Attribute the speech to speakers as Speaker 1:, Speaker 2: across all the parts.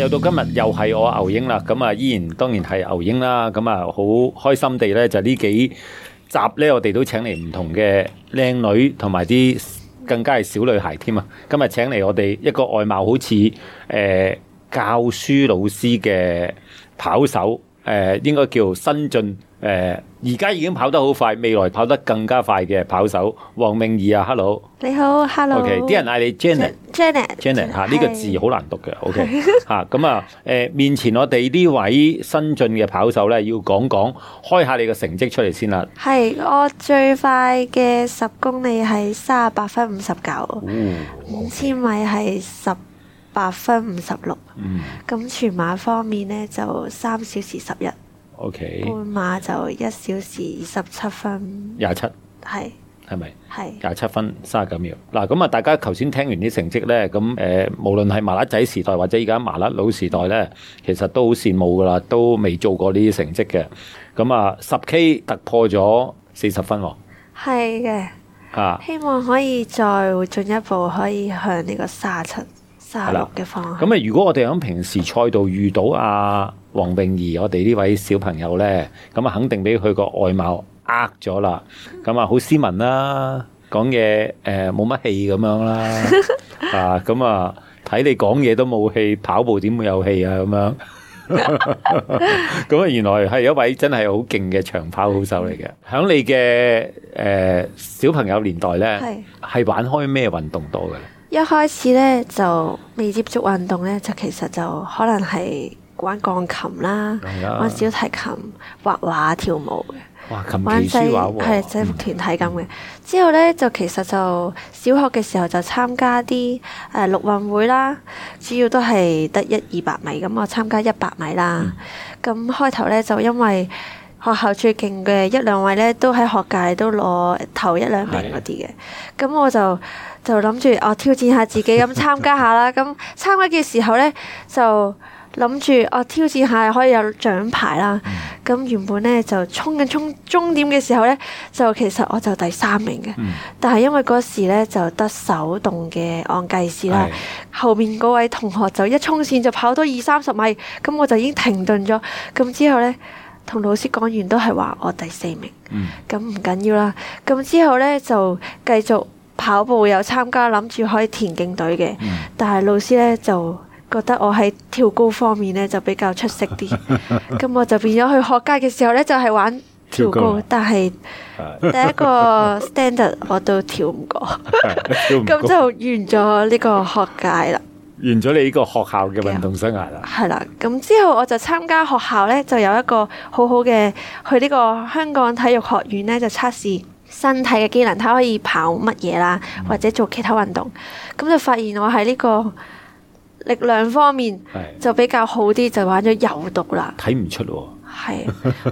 Speaker 1: 又到今日，又係我牛英啦。咁啊，依然當然係牛英啦。咁啊，好開心地咧，就呢幾集咧，我哋都請嚟唔同嘅靚女同埋啲更加係小女孩添啊。今日請嚟我哋一個外貌好似誒、呃、教書老師嘅跑手，誒、呃、應該叫新晉。誒，而家、呃、已經跑得好快，未來跑得更加快嘅跑手黃詠儀啊，Hello，
Speaker 2: 你好，Hello，OK，、okay, 啲人嗌你 Janet，Janet，Janet，
Speaker 1: 吓呢個字好難讀嘅，OK，吓咁啊，誒、呃，面前我哋呢位新晉嘅跑手咧，要講講，開下你嘅成績出嚟先啦。
Speaker 2: 係我最快嘅十公里係三十八分五十九，五千米係十八分五十六，咁全馬方面咧就三小時十一。OK，半馬就一小時二十七分。廿七，
Speaker 1: 係，係咪？係
Speaker 2: 廿
Speaker 1: 七分三十九秒。嗱，咁啊，大家頭先聽完啲成績呢，咁誒、呃，無論係麻甩仔時代或者而家麻甩佬時代呢，嗯、其實都好羨慕㗎啦，都未做過呢啲成績嘅。咁啊，十 K 突破咗四十分喎。
Speaker 2: 係嘅的，啊，希望可以再進一步，可以向呢個三十七、三十六嘅方向。
Speaker 1: 咁啊，如果我哋喺平時賽道遇到啊？黃詠儀，我哋呢位小朋友呢，咁啊肯定俾佢個外貌呃咗啦。咁啊好斯文啦，講嘢誒冇乜氣咁樣啦。啊，咁、呃、啊睇、 啊、你講嘢都冇氣，跑步點會有氣啊？咁樣咁啊， 原來係一位真係好勁嘅長跑好手嚟嘅。喺你嘅誒、呃、小朋友年代呢，係是玩開咩運動多嘅？
Speaker 2: 一開始呢，就未接觸運動呢，就其實就可能係。玩鋼琴啦，玩小提琴、畫畫、跳舞
Speaker 1: 嘅，玩細佢係制服
Speaker 2: 團體咁嘅。嗯、之後呢，就其實就小學嘅時候就參加啲誒、呃、陸運會啦，主要都係得一二百米咁、嗯，我參加一百米啦。咁、嗯嗯、開頭呢，就因為學校最勁嘅一兩位呢，都喺學界都攞頭一兩名嗰啲嘅，咁是我就就諗住我挑戰下自己咁 參加下啦。咁參加嘅時候呢，就。就諗住哦挑戰下可以有獎牌啦，咁、嗯、原本咧就衝緊衝終點嘅時候咧，就其實我就第三名嘅，嗯、但係因為嗰時咧就得手動嘅按計時啦，是的 後面嗰位同學就一衝線就跑多二三十米，咁我就已經停頓咗，咁之後咧同老師講完都係話我第四名，咁唔、嗯、緊要啦，咁之後咧就繼續跑步又參加諗住可以田徑隊嘅，嗯、但係老師咧就。就覺得我喺跳高方面咧就比較出色啲，咁 我就變咗去學界嘅時候咧就係、是、玩跳高，跳高啊，但係第一個 standard 我都跳
Speaker 1: 唔過，咁 就
Speaker 2: 完咗呢個學界啦。
Speaker 1: 完咗你呢個學校嘅運動生涯啦。
Speaker 2: 係啦、 嗯，咁之後我就參加學校咧就有一個好好嘅去呢個香港體育學院咧就測試身體嘅機能，睇可以跑乜嘢啦，或者做其他運動，咁、嗯嗯、就發現我喺呢、這個。力量方面就比較好啲，就玩咗柔道啦。
Speaker 1: 睇唔出喎。哦，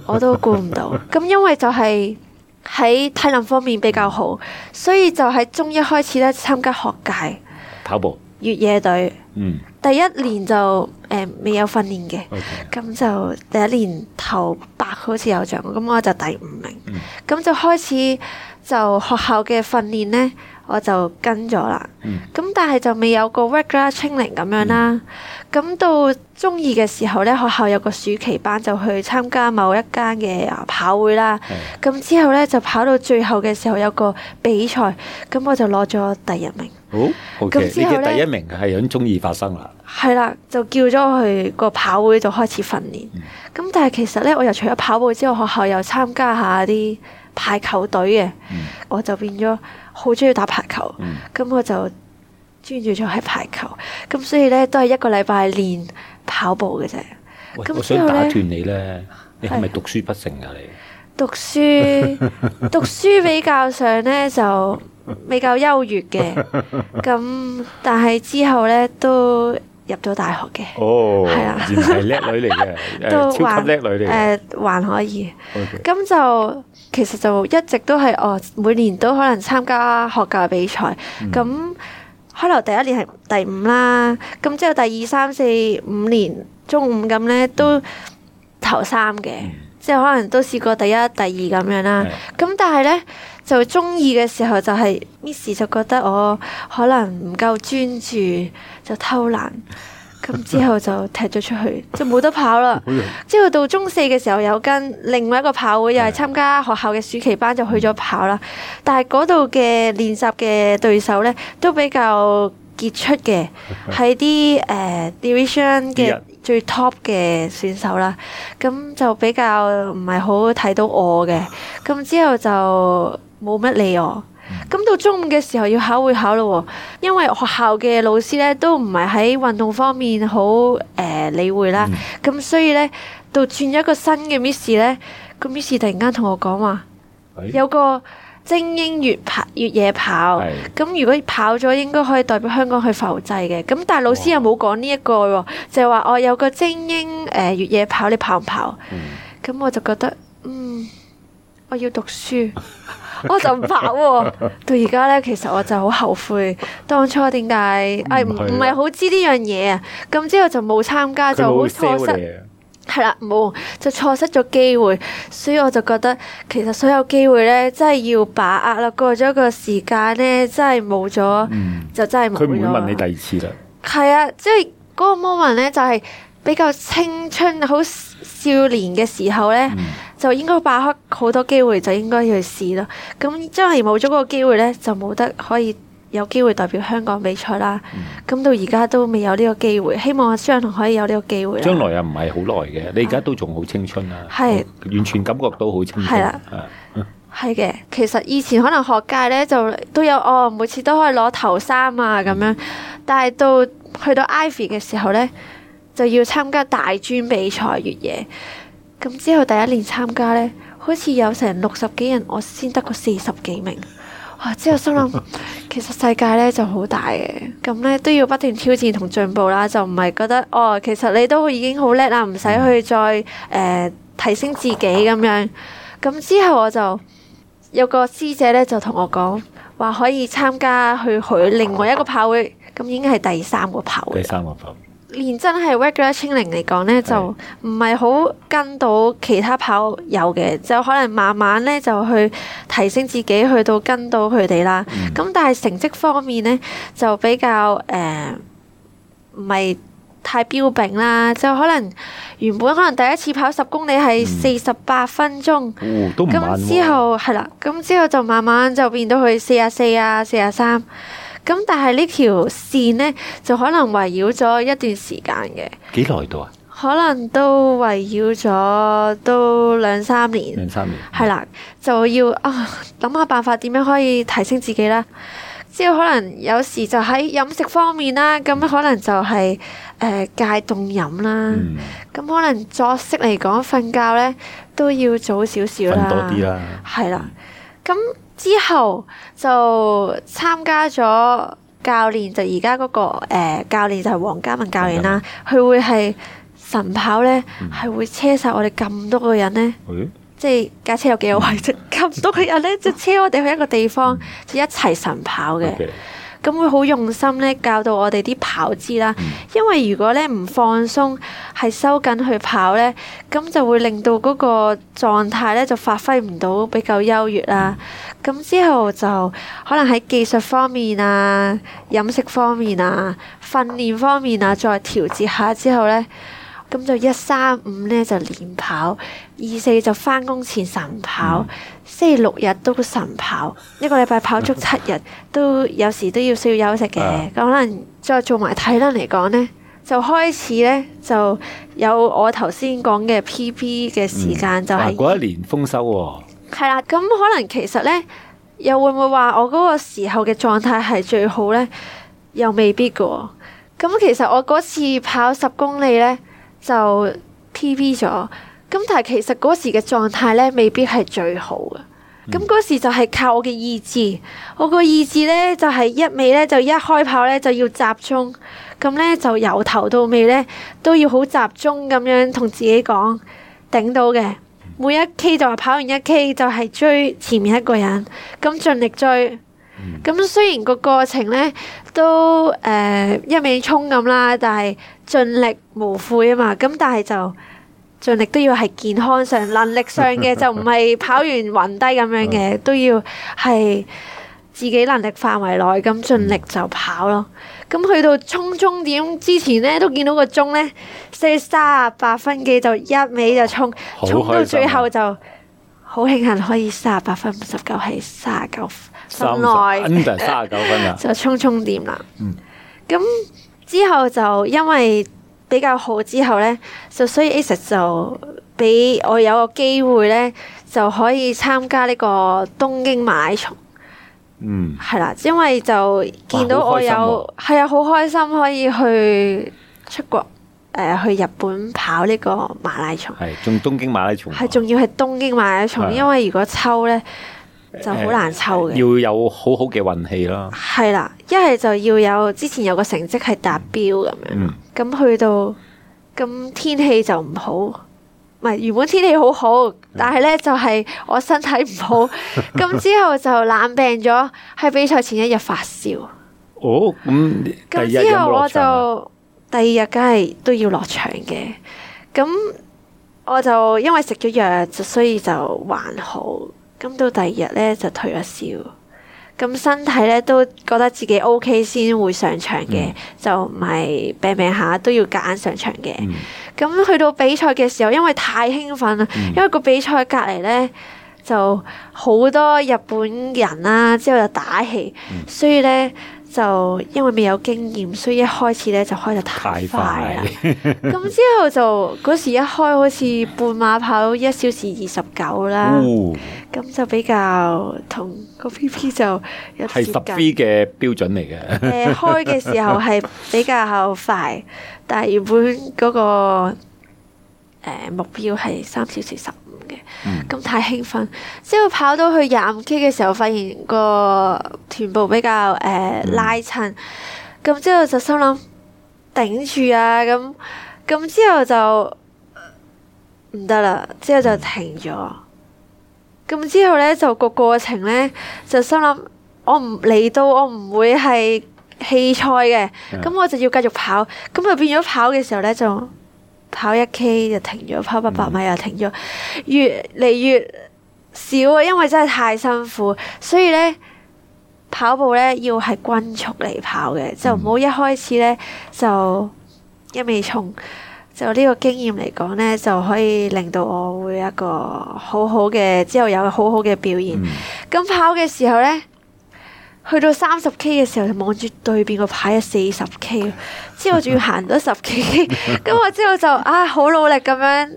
Speaker 1: 我都估唔到。
Speaker 2: 咁 因為就係喺體能方面比較好，嗯、所以就喺中一開始咧參加學界跑步越野隊。嗯，第一年就誒、呃、未有訓練嘅，咁 Okay. 就第一年頭八好似有獎，咁我就第五名。咁、嗯、就開始就學校嘅訓練呢。我就跟咗、嗯、啦，咁但係就未有個 regular training a 咁樣啦。咁、嗯、到中二嘅時候咧，學校有個暑期班就去參加某一間嘅跑會啦。咁、嗯、之後咧就跑到最後嘅時候有個比賽，咁我就攞咗第一名。
Speaker 1: 好、哦、咁、okay, 之後第一名係響中二發生啦。
Speaker 2: 係啦，就叫咗我去個跑會就開始訓練。咁、嗯、但係其實咧，我又除咗跑步之外，學校又參加下啲。排球隊嘅，嗯、我就變咗好中意打排球，咁、嗯、我就專注咗喺排球，咁所以呢，都係一個禮拜練跑步嘅啫。咁
Speaker 1: 喂之後呢，我想打斷你呢，你係咪讀書不成啊？哎、你
Speaker 2: 讀書 讀書比較上呢就比較優越嘅，咁 但係之後呢都。入咗大學
Speaker 1: 嘅，係、oh, 啊，完全係叻女嚟嘅， 都超級叻女
Speaker 2: 嚟嘅，誒、呃、還可以。咁 Okay. 就其實就一直都係哦，每年都可能參加學界比賽。咁開頭第一年係第五啦，咁之後第二三四五年中五，咁咧都頭三嘅，嗯、即係可能都試過第一、第二咁樣啦。咁的但係咧。就中二嘅時候就係、是、Miss 就覺得我可能唔夠專注就偷懶，咁之後就踢咗出去， 就冇得跑啦。 之後到中四嘅時候有跟另外一個跑會，又係參加學校嘅暑期班就去咗跑啦。但係嗰度嘅練習嘅對手呢，都比較傑出嘅，係啲誒 Division 嘅最 top 嘅選手啦。咁就比較唔係好睇到我嘅，咁之後就。冇乜理我，咁到中午嘅時候要考會考咯。哦，因為學校嘅老師咧都唔係喺運動方面好誒、呃、理會啦，咁、嗯、所以咧到轉咗一個新嘅 Miss 咧，個 Miss 突然間同我講話，欸、有個精英越野越野跑，咁、欸、如果跑咗應該可以代表香港去浮際嘅，咁但係老師又冇講呢一個喎，哦、就係話我有個精英誒、呃、越野跑，你跑唔跑？咁、嗯、我就覺得，嗯，我要讀書。 我就唔跑喎， 到而家咧，其實我就好後悔當初點解誒唔唔係好知呢樣嘢啊？咁之後就冇參加，就好錯失係啦，冇的就錯失咗機會，所以我就覺得其實所有機會咧，真係要把握啦。過咗個時間咧，真係冇咗就真係冇咗。佢唔會問你第二次啦。係啊，即係嗰個 moment 咧，就係比較青春、好少年嘅時候咧。嗯就應該把握好多機會，就應該去試咯。咁將來冇咗嗰個機會咧，就冇得可以有機會代表香港比賽啦。咁、嗯、到而家都未有呢個機會，希望阿張同可以有呢個機會。將
Speaker 1: 來又唔係好耐嘅，你而家都仲好青春啊！係、啊、完全感覺到好青春。係啦的，
Speaker 2: 係嘅、啊。其實以前可能學界呢就都有哦，每次都可以攞頭三啊咁樣。但係到去到 Ivy 嘅時候呢，就要參加大專比賽越野。咁之後第一年參加呢，好似有成六十幾人，我先得個四十幾名、啊。之後心諗， 其實世界呢就好大嘅，咁呢都要不斷挑戰同進步啦，就唔係覺得哦，其實你都已經好叻啦，唔使去再、呃、提升自己咁樣。咁之後我就有個師姐呢，就同我講話可以參加去佢另外一個跑會，咁應該係第三個跑
Speaker 1: 會。第三個跑。
Speaker 2: 連真係 regular training 嚟講呢，是的 就唔係好跟到其他跑友嘅，就可能慢慢呢，就去提升自己，去到跟到佢哋啦。咁、嗯、但係成績方面呢，就比較誒唔係太彪炳啦。就可能原本可能第一次跑十公里係四十八分鐘，
Speaker 1: 咁、嗯哦啊、之
Speaker 2: 後係啦，咁之後就慢慢就變到去四啊四啊四啊三。咁但係呢條線呢，就可能圍繞咗一段時間嘅。
Speaker 1: 幾耐到啊？
Speaker 2: 可能都圍繞咗都兩三年。兩三年。係啦，就要啊，諗、哦、下辦法點樣可以提升自己啦。之後可能有時就喺飲食方面啦，咁、嗯、可能就係、是、誒、呃、戒凍飲啦。咁、嗯、可能作息嚟講，瞓覺呢都要早少少啦。瞓多啲啦。係啦，咁、嗯。嗯之後就參加咗教練，就而家嗰個、呃、教練就係黃家文教練啦。佢、嗯、會係晨跑咧，係、嗯、會車曬我哋咁多個人呢、嗯、多個、嗯、多人
Speaker 1: 咧，
Speaker 2: 即係架車有幾多位？咁多個人咧，就車我哋去一個地方，嗯、就一齊晨跑嘅。咁、嗯、會好用心咧，教到我哋啲跑姿啦。因為如果咧唔放鬆，係收緊去跑呢，咁就會令到嗰個狀態呢就發揮唔到比較優越啦。咁之後就可能喺技術方面啊、飲食方面啊、訓練方面啊，再調節下之後呢，咁就一三五呢就練跑，二四就翻工前晨跑，星期六日都晨跑，一個禮拜跑足七日， 都有時都要需要休息嘅。咁可能再做埋體能嚟講呢。就開始咧，就有我頭先講嘅 P. P. 嘅時間就係嗱，嗯、
Speaker 1: 嗰一年豐收喎、
Speaker 2: 哦。係啦，咁可能其實咧，又會唔會話我嗰個時候嘅狀態係最好咧？又未必嘅。咁其實我嗰次跑十公里咧，就 P. P. 咗。咁但係其實嗰時嘅狀態咧，未必係最好嘅。咁嗰時就係靠我嘅意志，嗯、我個意志咧就係、是、一味咧就一開跑咧就要集中。咁咧就由頭到尾咧都要好集中咁樣同自己講頂到嘅。每一 K 就話跑完一 K 就係追前面一個人，咁盡力追。咁、嗯、雖然個過程咧都誒、呃、一味衝咁啦，但係盡力無悔啊嘛。咁但係就盡力都要係健康上 能力上嘅，就唔係跑完暈低咁樣嘅， 都要係自己能力範圍內咁盡力就跑咯。咁去到沖終點之前咧，都見到個鐘咧，四卅八分幾，就一味就沖，沖、啊、到最後就好慶幸可以卅八分五十九係卅九分內，真 就卅
Speaker 1: 九分就
Speaker 2: 沖終點啦。咁、嗯、之後就因為比較好之後咧，就所以 Alex 就俾我有個機會咧，就可以參加呢個東京馬拉嗯，係啦、mm.，因為就見到我有係啊，好開心可以去出國，誒、呃，去日本跑呢個
Speaker 1: 馬拉松，係仲東京馬拉松，
Speaker 2: 係仲要係東京馬拉松，的因為如果抽呢，就好難抽嘅，要
Speaker 1: 有好好嘅運氣咯。
Speaker 2: 係啦，一係就要有之前有個成績係達標咁樣，咁、mm. 去到咁天氣就唔好。唔係原本天氣好好，但係咧就係、是、我身體唔好，咁 之後就冷病咗，喺比賽前一日發燒。
Speaker 1: 哦、咁、嗯、之後我就
Speaker 2: 第二日梗係都要落場嘅。咁我就因為食咗藥，所以就還好。咁到第二日咧就退咗燒。咁身體咧都覺得自己 OK 先會上場嘅，mm. 就唔係病病下都要夾硬上場嘅。咁、mm. 去到比賽嘅時候，因為太興奮啦，mm. 因為個比賽隔離咧就好多日本人啦、啊，之後又打氣，mm. 所以咧。就因為未有經驗，所以一開始咧就開得太快啦。咁大快 之後就嗰時，一開好似半馬跑一小時二十九啦。咁、哦、就比較同個 P P 就係十飛
Speaker 1: 嘅標準嚟嘅，呃。開嘅時候係
Speaker 2: 比較快， 但係原本嗰、嗰個、誒、呃、目標係三小時十。咁、嗯、太興奮，之後跑到去廿五 k 嘅時候，發現個臀部比較誒、呃、拉親，咁、嗯、之後就心諗頂住啊，咁咁之後就唔得啦，之後就停咗。咁、嗯、之後呢，就個過程呢，就心諗，我唔嚟到，我唔會係棄賽嘅，咁、嗯、我就要繼續跑，咁就變咗跑嘅時候呢，就。1 跑一 K 就停咗，跑八百米又停咗，嗯、越嚟越少啊！因為真係太辛苦，所以咧跑步咧要係均速嚟跑嘅，就唔好一開始咧就一味衝。就呢個經驗嚟講咧，就可以令到我會一個好好嘅，之後有好好嘅表現。咁、嗯、跑嘅時候咧。去到三十 K 嘅時候，就望住對面個牌有四十 K，之後仲要行多十 K，咁我 之後就啊好、哎、努力咁樣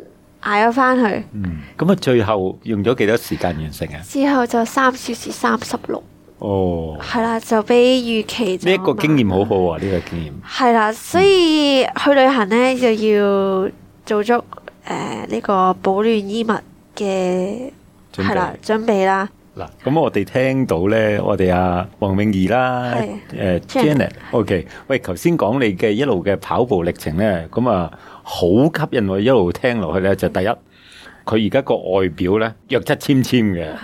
Speaker 2: 捱咗翻去。嗯，
Speaker 1: 咁啊最後用咗幾多時間完成啊？
Speaker 2: 之後就三小時三十六。哦。係啦，就比預期。呢一個經
Speaker 1: 驗好好啊！呢、呢個經驗。
Speaker 2: 係啦，所以去旅行咧就要做足誒呢、呃呢個保暖衣物嘅係啦準備啦。
Speaker 1: 嗱，咁我哋聽到咧，我哋阿黃詠儀啦，誒 Janet，OK，喂，頭先講你嘅一路嘅跑步歷程咧，咁啊好吸引我一路聽落去咧，就第一，佢而家個外表咧，弱質纖纖嘅，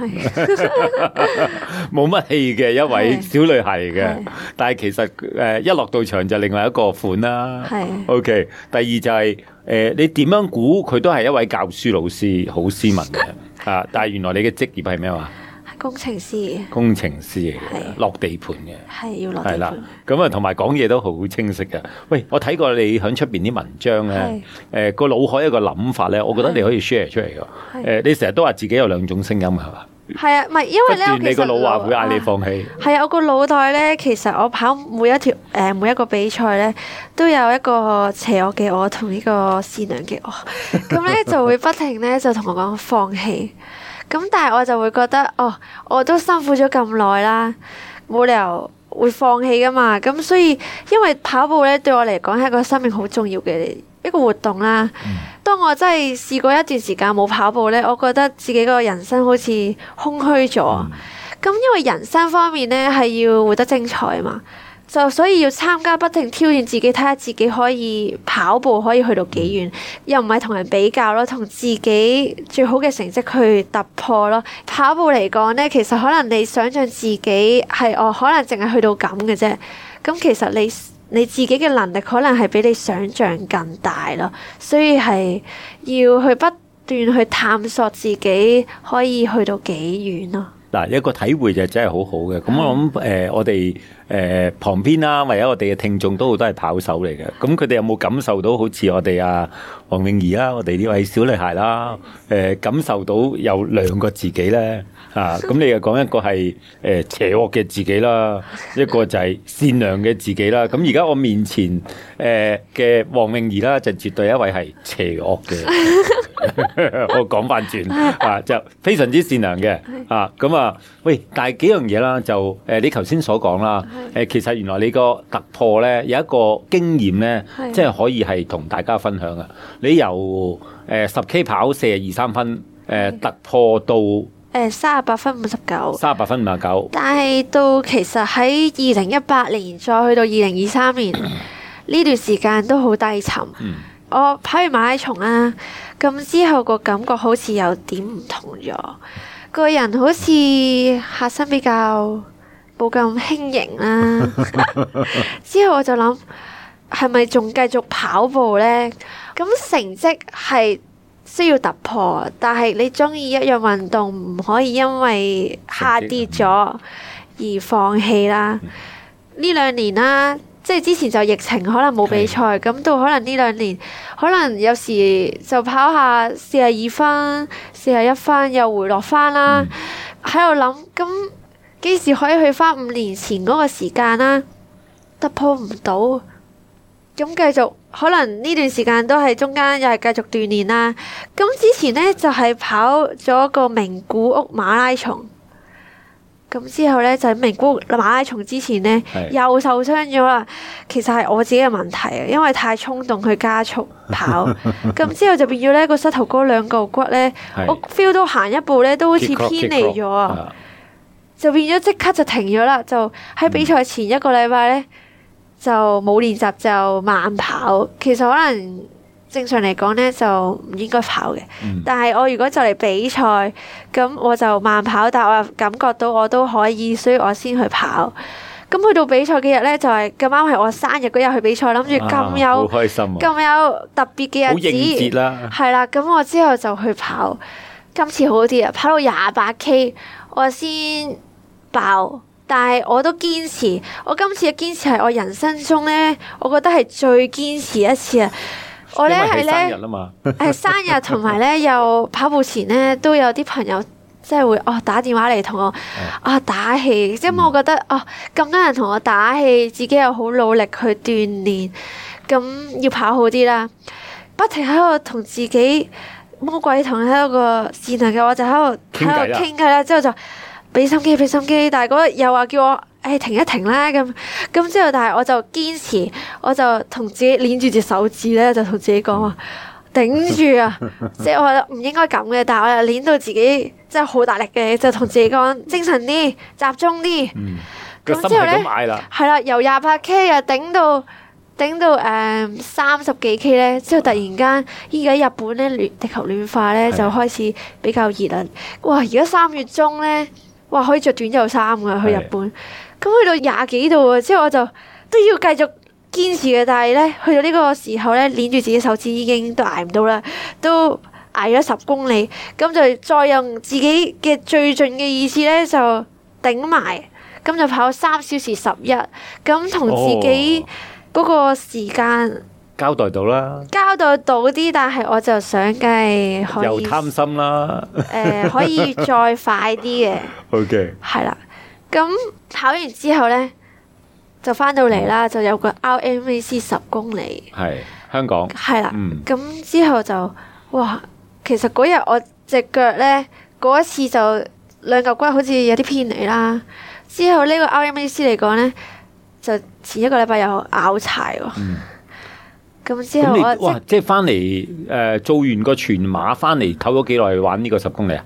Speaker 1: 冇乜是 氣嘅一位小女孩嚟嘅，但係其實誒、呃、一落到場就另外一個款啦是，OK，第二就係、是、誒、呃、你點樣估佢都係一位教書老師，好斯文嘅 啊，但係原來你嘅職業係咩話？
Speaker 2: 工程師，
Speaker 1: 工程師嚟嘅，的落地盤嘅，係要落地盤。咁啊，同埋講嘢都好清晰㗎。喂，我睇過你喺出邊啲文章咧，誒個腦海有個諗法咧，我覺得你可以 share 出嚟㗎。誒是的、呃，你成日都話自己有兩種聲音係嘛？
Speaker 2: 係啊，唔係因為咧，其實你個腦話
Speaker 1: 會嗌你放棄。
Speaker 2: 係啊，我個腦袋咧，其實我跑每一條誒、呃、每一個比賽咧，都有一個邪惡嘅我同呢個善良嘅我，咁 咧、嗯、就會不停咧就同我講放棄。 咁但係我就會覺得，哦，我都辛苦咗咁耐啦，冇理由會放棄㗎嘛。咁、嗯、所以，因為跑步咧對我嚟講係個生命好重要嘅一個活動啦。嗯、當我真係試過一段時間冇跑步咧，我覺得自己個人生好似空虛咗。咁、嗯嗯、因為人生方面咧係要活得精彩啊嘛。就所以要參加，不停挑戰自己，睇下自己可以跑步可以去到幾遠，又唔係同人比較咯，同自己最好嘅成績去突破咯。跑步嚟講呢，其實可能你想像自己係哦，可能淨係去到咁嘅啫。咁其實你你自己嘅能力可能係比你想像更大咯，所以係要去不斷去探索自己可以去到幾遠咯。
Speaker 1: 嗱，一個體會就真係好好嘅。咁我諗誒、呃，我哋誒、呃、旁邊啦、啊，唯有我哋嘅聽眾都好都係跑手嚟嘅。咁佢哋有冇感受到好似我哋啊黃詠儀啦，我哋呢位小女孩啦，誒、呃、感受到有兩個自己咧嚇？咁、啊、你又講一個係誒、呃、邪惡嘅自己啦，一個就係善良嘅自己啦。咁而家我面前誒嘅黃詠儀啦，就絕對一位係邪惡嘅。 我講翻轉啊，就非常之善良嘅是的 啊，咁啊喂，但係幾樣嘢啦，就誒、呃、你頭先所講啦，誒是的 其實原來你個突破咧有一個經驗咧，即係是的 可以係同大家分享啊。你由誒十、呃、K 跑四十二三分，誒、呃、是的 突破到
Speaker 2: 誒三十八分五十九，三
Speaker 1: 十八分五十九，
Speaker 2: 但係到其實喺二零一八年再去到二零二三年呢 段時間都好低沉。嗯嗯。我跑完馬拉松啦，咁之後個感覺好似有點唔同咗，個人好似下身比較冇咁輕盈啦、啊。 之後我就諗，係咪仲繼續跑步呢？咁成績係需要突破，但係你中意一樣運動唔可以因為下跌咗而放棄啦。呢、嗯、兩年啦、啊。即係之前就疫情可能冇比賽，咁到可能呢兩年，可能有時就跑下四十二分、四十一分又回落翻啦。喺度諗，咁幾時可以去翻五年前嗰個時間啦？突破唔到，咁繼續可能呢段時間都係中間又係繼續鍛鍊啦。咁之前呢，就係跑咗個名古屋馬拉松。咁之後咧，就喺名古屋馬拉松之前咧是又受傷咗啦。其實係我自己嘅問題，因為太衝動去加速跑，咁 之後就變咗咧，個膝頭哥兩嚿骨咧，是我 feel 到行一步咧都好似偏離咗啊，keep clock, keep clock, uh. 就變咗即刻就停咗啦。就喺比賽前一個禮拜咧就冇練習，就慢跑，其實可能。正常嚟講咧就唔應該跑嘅，嗯、但係我如果就嚟比賽，咁我就慢跑，但係我感覺到我都可以，所以我先去跑。咁去到比賽嘅日咧，就係咁啱係我生日嗰日去比賽，諗住咁有咁、啊啊、有特別嘅日子，係啦。咁我之後就去跑，今次好啲啊，跑到廿八 K 我先爆，但係我都堅持。我今次嘅堅持係我人生中咧，我覺得係最堅持一次啊！我咧係
Speaker 1: 咧，係
Speaker 2: 生日同埋咧，又 跑步前咧，都有啲朋友即係會哦打電話嚟同我啊、哦、打氣，嗯、即係我覺得哦咁多人同我打氣，自己又好努力去鍛煉，咁要跑好啲啦，不停喺度同自己魔鬼同喺個善良嘅我就喺度喺度傾偈啦，之後就。俾心機，俾心機，但係嗰日又話叫我，誒、哎、停一停啦咁，咁之後，但係我就堅持，我就同自己捏住隻手指咧，就同自己講話頂住啊！ 即係我覺得唔應該咁嘅，但係我又捏到自己即係好大力嘅，就同自己講精神啲，集中啲。個、嗯、之後都買啦。係啦，由廿八 K 又頂到頂到誒三十幾 K 咧，之後突然間，依家日本咧，地球暖化咧，就開始比較熱啦。哇！而家三月中咧。哇！可以着短袖衫噶去日本，咁去是的、嗯、到廿幾度啊，之後我就都要繼續堅持嘅，但係咧去到呢個時候咧，捏住自己手指已經都捱唔到啦，都捱咗十公里，咁、嗯、就再用自己嘅最盡嘅意志咧就頂埋，咁、嗯、就跑咗三小時十一、嗯，咁同自己嗰個時間。嗯嗯嗯嗯交代到啦，交代到啲，但係我就想梗係可以又貪
Speaker 1: 心啦。誒，可以再
Speaker 2: 快啲嘅
Speaker 1: 去嘅係啦。
Speaker 2: 咁考完之後咧，就翻到嚟啦，就有個 RMAC 十公里
Speaker 1: 係香港係啦。
Speaker 2: 咁之後就哇，其實嗰日我隻腳咧嗰一次就兩嚿骨好似有啲偏離啦。之後呢個 RMAC 嚟講咧，就前一個禮拜又拗柴喎。咁之後我，哇！
Speaker 1: 即係翻嚟誒，做完個全馬翻嚟唞咗幾耐玩呢個十公里啊？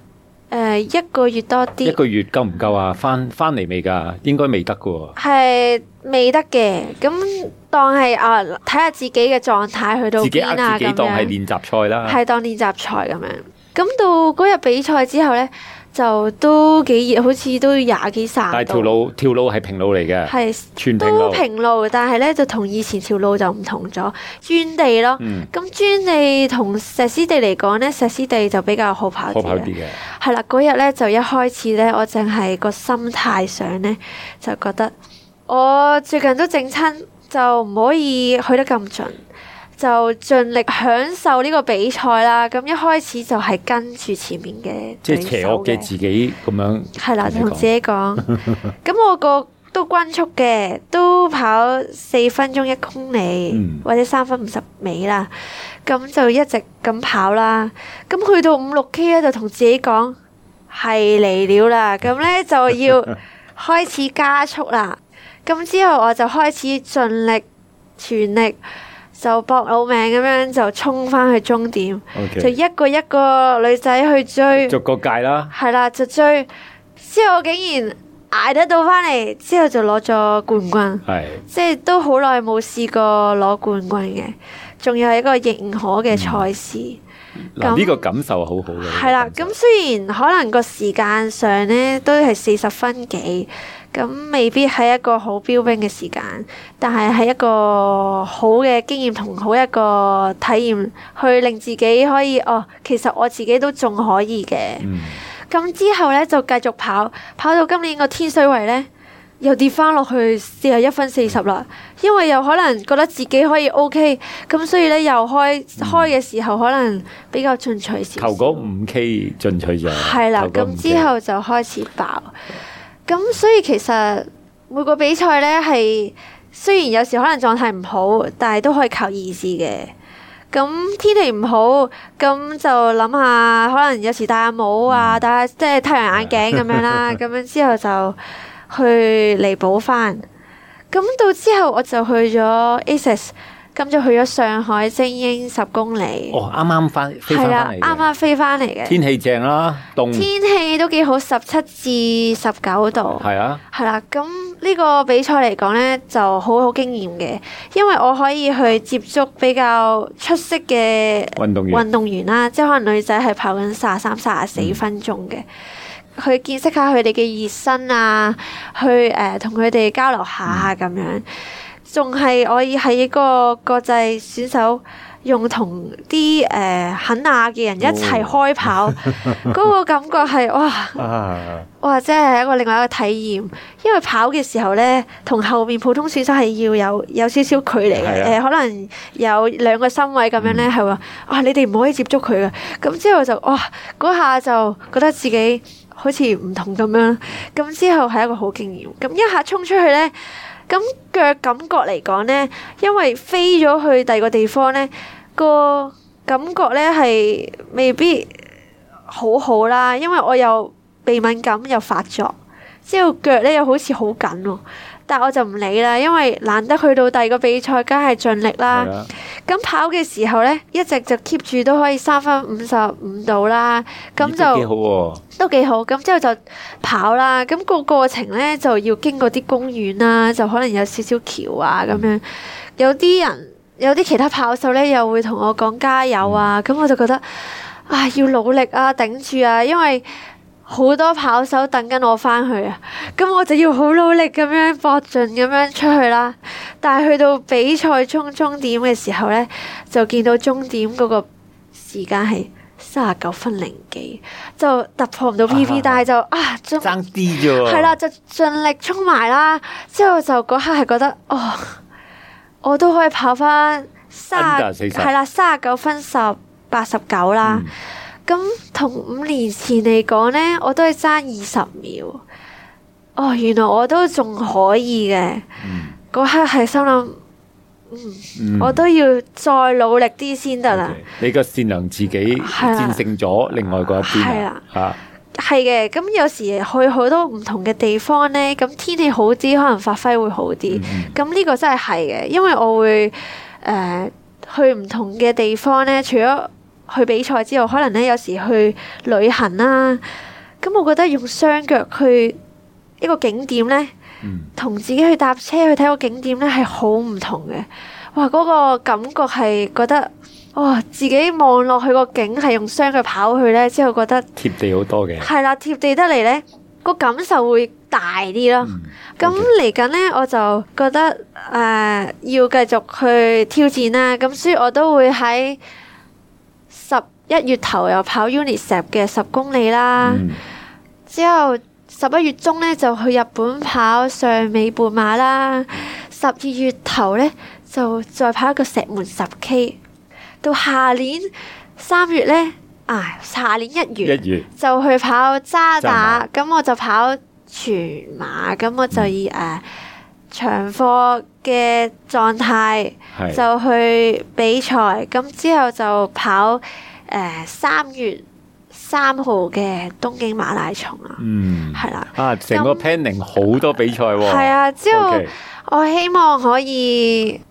Speaker 2: 誒、呃、一個月多啲，一個
Speaker 1: 月夠唔夠啊？翻翻嚟未㗎？應該未得嘅喎，
Speaker 2: 係未得嘅。咁當係啊，睇下自己嘅狀態去到邊啊自，自己當係練
Speaker 1: 習賽啦，係
Speaker 2: 當練習賽咁樣。咁到嗰日比賽之後咧。就都幾熱，好似都廿幾三十度。但條
Speaker 1: 路條路係平路嚟嘅，係，全都平
Speaker 2: 路，但係咧就同以前條路就唔同咗，磚地咯。咁磚、嗯、地同石屎地嚟講咧，石屎地就比較好跑啲嘅。係啦，嗰日咧就一開始咧，我淨係個心態上咧就覺得我最近都整親，就唔可以去得咁盡。就盡力享受呢個比賽啦！咁一開始就係跟住前面嘅，即係邪惡嘅
Speaker 1: 自己咁樣。係啦，就同自己講。
Speaker 2: 咁 我個都均速嘅，都跑四分鐘一公里或者三分五十尾啦。咁 就一直咁跑啦。咁去到五六 K 咧，就同自己講係嚟了啦。咁咧就要開始加速啦。咁 之後我就開始盡力全力。就搏老命咁樣就衝翻去終點，Okay. 就一個一個女仔去追，逐
Speaker 1: 個界啦。
Speaker 2: 係啦，就追，之後我竟然捱得到翻嚟，之後就攞咗冠軍。係，即係都好耐冇試過攞冠軍嘅，仲要係一個認可嘅賽事。
Speaker 1: 嗱、嗯，呢個感受好好嘅。
Speaker 2: 係啦，咁雖然可能個時間上呢都係四十分幾。咁未必係一個好標青嘅時間，但係係一個好嘅經驗同好一個體驗，去令自己可以哦。其實我自己都仲可以嘅。咁、嗯、之後呢，就繼續跑，跑到今年個天水圍呢，又跌翻落去四十一分四十啦。因為又可能覺得自己可以 OK，咁所以呢，又開開嘅時候可能比較進取少少、嗯。頭
Speaker 1: 嗰五 K 進取咗。係啦了，咁之後
Speaker 2: 就開始爆。咁所以其實每個比賽咧係雖然有時可能狀態唔好，但係都可以靠意志嘅。咁天氣唔好，咁就諗下可能有時戴下帽啊，戴下即係太陽眼鏡咁樣啦。咁 樣之後就去彌補翻。咁到之後我就去咗 ASICS。咁就去咗上海精英十公里。
Speaker 1: 哦，啱啱翻，係啊，啱啱
Speaker 2: 飛翻嚟嘅。天
Speaker 1: 氣正啦，啊，凍。天
Speaker 2: 氣都幾好，十七至十九度。係、哦、啊。係啦，啊，咁呢個比賽嚟講呢，就好好經驗嘅，因為我可以去接觸比較出色嘅運動員運動員啦，即係可能女仔係跑緊卅三、卅四分鐘嘅，嗯、去見識下佢哋嘅熱身啊，去誒同佢哋交流下咁樣。嗯仲係可以喺一個國際選手用同啲誒肯亞嘅人一齊開跑，嗰、哦、個感覺係哇哇，即係、啊、一個另外一個體驗。因為跑嘅時候咧，同後面普通選手係要有有少少距離嘅是、啊呃，可能有兩個身位咁樣咧，係話啊，你哋唔可以接觸佢嘅。咁之後就哇嗰下就覺得自己好似唔同咁樣。咁之後係一個好經驗。咁一下衝出去咧～咁腳感覺嚟講咧，因為飛咗去第二個地方咧，個感覺咧係未必好好啦，因為我又鼻敏感又發作，之後腳咧又好似好緊喎。但我就唔理啦，因為難得去到第二個比賽，梗係盡力啦。咁的跑嘅時候呢，一直就 keep 住都可以三分五十五度啦。咁就、哦、都幾好。咁之後就跑啦。咁、那個過程呢，就要經過啲公園啦，就可能有少少橋啊咁、嗯、樣。有啲人，有啲其他跑手呢，又會同我講加油啊！咁、嗯、我就覺得啊，要努力啊，頂住啊，因為。好多跑手等緊我翻去啊！咁我就要好努力咁樣搏盡咁樣出去啦。但係去到比賽衝終點嘅時候呢，就見到終點嗰個時間係三十九分零幾，就突破唔到 PP，但係就啊，爭啲啫。係啦、啊啊，就盡力衝埋啦。之後就嗰刻係覺得，哦，我都可以跑翻
Speaker 1: 三係啦，
Speaker 2: 三十九分十八十九啦。嗯咁同五年前嚟講呢，我都係爭二十秒。哦，原來我都仲可以嘅。嗰、嗯、刻係心諗，嗯嗯、我都要再努力啲先得啦。
Speaker 1: 你個善良自己戰勝咗另外嗰一邊。係啦，
Speaker 2: 係嘅。咁有時去好多唔同嘅地方呢，咁天氣好啲，可能發揮會好啲。咁呢、嗯、個真係係嘅，因為我會誒、呃、去唔同嘅地方呢，除咗。去比賽之後，可能咧有時去旅行啦、啊。咁我覺得用雙腳去一個景點咧，同、嗯、自己去搭車去睇個景點咧係好唔同嘅。哇！嗰、嗰個感覺係覺得，哇！自己望落去個景係用雙腳跑去咧，之後覺得
Speaker 1: 貼地好多嘅。
Speaker 2: 係啦，貼地得嚟咧，個感受會大啲咯。咁嚟緊咧，嗯、Okay 我就覺得誒、呃、要繼續去挑戰啦。咁所以我都會喺。一月頭又跑 UNICEF 嘅十公里啦，嗯、之後十一月中咧就去日本跑上尾半馬啦。十二月頭咧就再跑一個石門十 k，到下年三月咧，啊，下年一月，月就去跑渣打咁，渣馬我就跑全馬，咁我就以誒、嗯啊、長課嘅狀態是就去比賽，咁之後就跑。誒三、呃、月三號嘅東京馬拉松啊，嗯，係啦，
Speaker 1: 啊，成個 planning 好多比賽喎，係啊，之後
Speaker 2: 我希望可以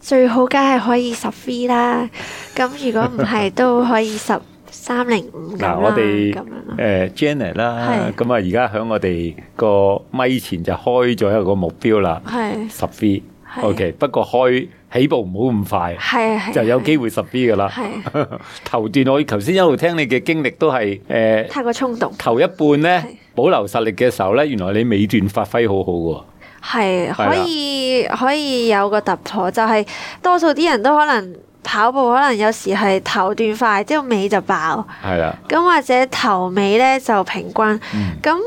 Speaker 2: 最好梗係可以十 V 啦，咁如果唔係都可以十三零五嗱，我哋，
Speaker 1: 咁樣啦、啊呃、Janet 啦，咁啊而家喺我哋個咪前就開咗一個目標啦，係十 V。O.K. 不過開起步唔好咁快，啊啊、就有機會十 B 㗎喇。啊、 頭段我頭先一路聽你嘅經歷都，都係誒，太過衝動。頭一半咧、啊、保留實力嘅時候咧，原來你尾段發揮好好、哦、喎。
Speaker 2: 係、啊啊、可以可以有個突破，就係、是、多數啲人都可能跑步，可能有時係頭段快，之後尾就爆。係啦、啊。咁或者頭尾咧就平均。咁、嗯。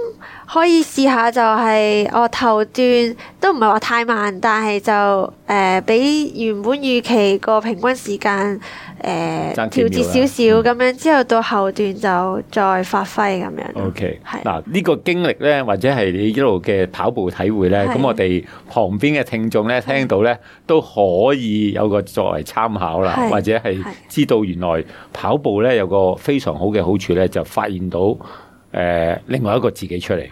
Speaker 2: 可以試下就係我頭段都唔係話太慢，但係就誒、呃、比原本預期個平均時間誒調節少少咁樣，之後到後段就再發揮咁樣。OK，
Speaker 1: 係嗱，呢個經歷咧，或者係你一路嘅跑步體會咧，咁是我哋旁邊嘅聽眾咧聽到咧都可以有個作為參考啦，是是或者係知道原來跑步咧有個非常好嘅好處咧，就發現到。誒、呃，另外一個自己出嚟，是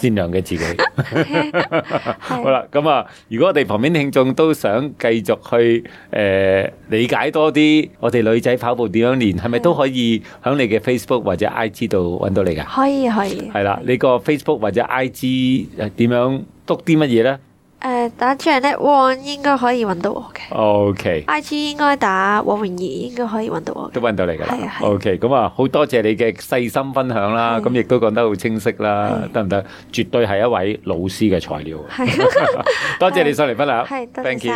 Speaker 1: 善良嘅自己。 是好啦，咁啊，如果我哋旁邊聽眾都想繼續去誒、呃、理解多啲，我哋女仔跑步點樣練，係咪是都可以喺你嘅 Facebook 或者 IG 度揾到你㗎？可以，
Speaker 2: 可以。係
Speaker 1: 啦，是你個 Facebook 或者 IG 誒點樣篤啲乜嘢咧？
Speaker 2: 誒，uh, 打 Janet Wong 應該可以揾到我嘅。O K。I G 應該打黃詠儀應該可以揾到我嘅。
Speaker 1: 都揾到你噶。係啊係。O K，咁啊好多謝你嘅細心分享啦，咁亦都講得好清晰啦，得唔得？絕對係一位老師嘅材料。係、哎呀。 多謝你上嚟分享。係、哎。thank you。